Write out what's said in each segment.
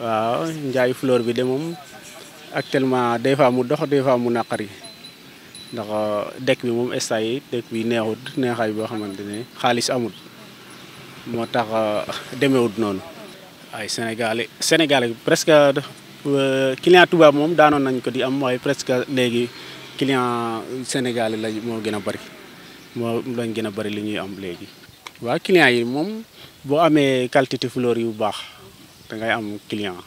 waaw njaay fleur bi de moom actuellement des fois mu dox des fois mu naqari ndax euh, dëkk bi moom instant yi bi neexut neexaay boo xamante ne xaalis amul moo tax euh, demewut noonu. ay Sénégalais Sénégalais presque euh, client tubaab moom daanoon nañ ko di am waaye presque léegi client Sénégalais la moo gën a bari. moo lañ gën a bari li ñuy am léegi. waa clients yi moom boo amee qualité fleur yu baax da ngay am client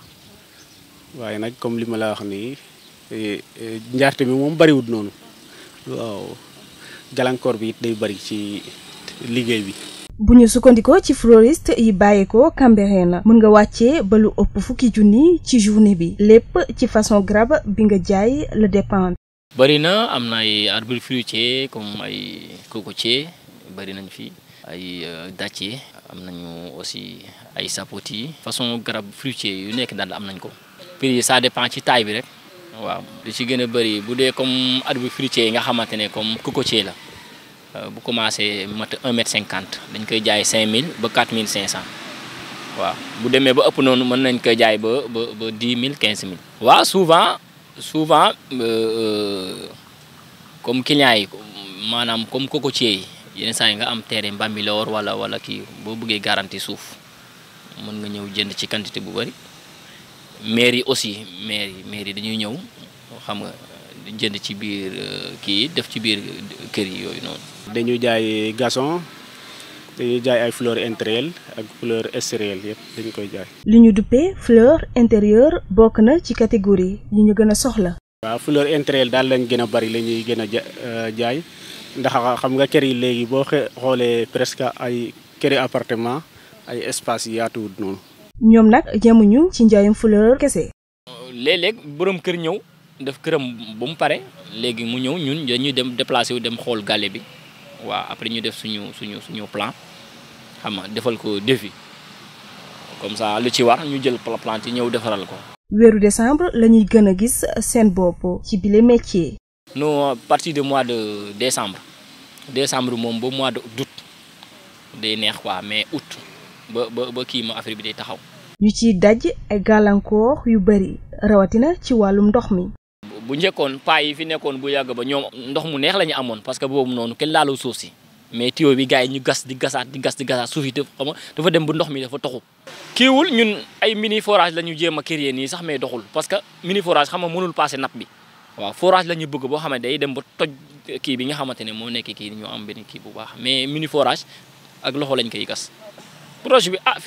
waaye nag comme li ma la wax nii e, e, njarte bi moom bariwut noonu waaw gàllankoor bi it day bari ci liggéey bi. bu ñu sukkandikoo ci floriste yi bàyyeekoo na mën nga wàccee ba lu ëpp fukki junni ci journée bi lépp ci façon garab bi nga jaay la dépendre. bëri na am na ay arbre fruitier comme ay cocotier bëri nañ fi ay euh, dattier am nañu aussi ay sapoti façon garab fruitier yu nekk daal am nañ ko prix sa ça ci taille bi rek waaw li si gën a bëri bu dee comme arbre fruitier yi nga xamante ne comme cocotier la euh, bu commencé mat un mètre cinquante dañ koy jaay cinq mille ba quatre mille cinq cent waaw bu demee ba ëpp noonu mën nañ koy jaay ba ba ba dix mille quinze mille waaw souvent souvent euh, euh, comme client yi maanaam comme cocotier yi yenn saa yi nga am terrain Bambilor wala wala kii boo bëggee garantie suuf mën nga ñëw jënd ci quantité bu bëri maire yi aussi maire yi maire yi dañuy ñëw xam nga jënd ci biir euh, kii def ci biir kër yi yooyu noonu. dañu jaay gazon. dañuy jaay ay fleurs intérieures ak fleurs extérieures yëpp dañu koy jaay. li ñu duppee fleur intérieure bokk na ci catégorie yi ñu gën a soxla. waaw fleur intérieure daal lañ gën a bari la ñuy gën a euh, jaay ndax xam nga kër yi léegi boo xoolee presque ay këri appartement ay espaces yi yaatuwut noonu. ñoom nag yemuñu ci njaayum fleur kese. léeg-léeg borom kër ñëw def këram bu mu pare léegi mu ñëw ñun dañuy dem déplacé wu dem xool gàlle bi. waaw après ñu def suñu suñu suñu plan xam nga defal ko défi comme ça lu ci war ñu jël plan ci ñëw defaral ko. weeru décembre la ñuy gën a gis seen bopp ci bile métier. no partir de mois de décembre décembre moom ba mois de août day neex quoi mais août ba ba ba kii ma affaire bi day taxaw. ñu ciy daj ay gàllankoor yu bari rawatina ci wàllum ndox mi. bu njëkkoon paa yi fi nekkoon bu yàgg ba ñoom ndox mu neex la ñu amoon parce boobu noonu kenn laalu suuf mais tuyau bi gars yi ñu gas di gasaat di gasaat suuf dafa dem bu ndox mi dafa toxu kiiwul ñun ay mini forage la ñu jéem a créer nii sax mais doxul parce que mini forage xam nga mënul passé napp bi waaw forage la ñu bëgg boo xam ne day dem ba toj kii bi nga xamante ne moo nekk kii ñoo am benn kii bu baax mais mini forage ak loxo lañ koy gas projet bi ah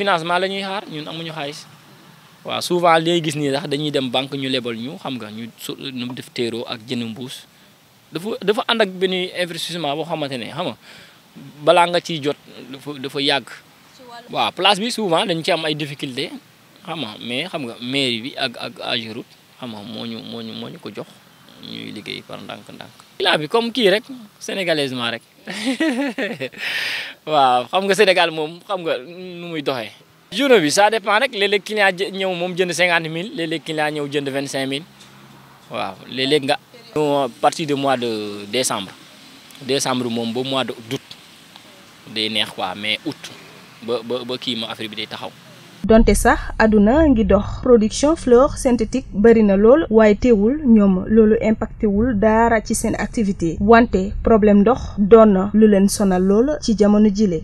waaw souvent li gis nii sax dañuy dem banque ñu lebal ñu xam nga ñu su ñu def téeroo ak jënd mbuus dafa dafa ànd ak benn investissement boo xamante ne xam nga balaa nga ciy jot dafa dafa yàgg. waaw place bi souvent dañ ci am ay difficulté xam mais xam nga mairie bi ak ak Ageroute xam moo ñu moo ñu moo ñu ko jox ñuy liggéey par ndànk-ndànk. bilan bi comme kii rek sénégalaisement rek waaw xam nga Sénégal moom xam nga nu muy doxee. journée bi ça dépend rek léeg-léeg ñëw moom jënd cinquante mille léeg-léeg client ñëw jënd vingt cinq mille waaw léeg-léeg nga. à partir de mois de décembre décembre moom ba mois de août day neex waa mais août ba ba ba kii ma affaire bi day taxaw. donte sax àdduna ngi dox production fleur synthétique bëri na lool waaye teewul ñoom loolu impacté wul dara ci seen activité wante problème ndox doon na lu leen sonal lool ci jamono jile.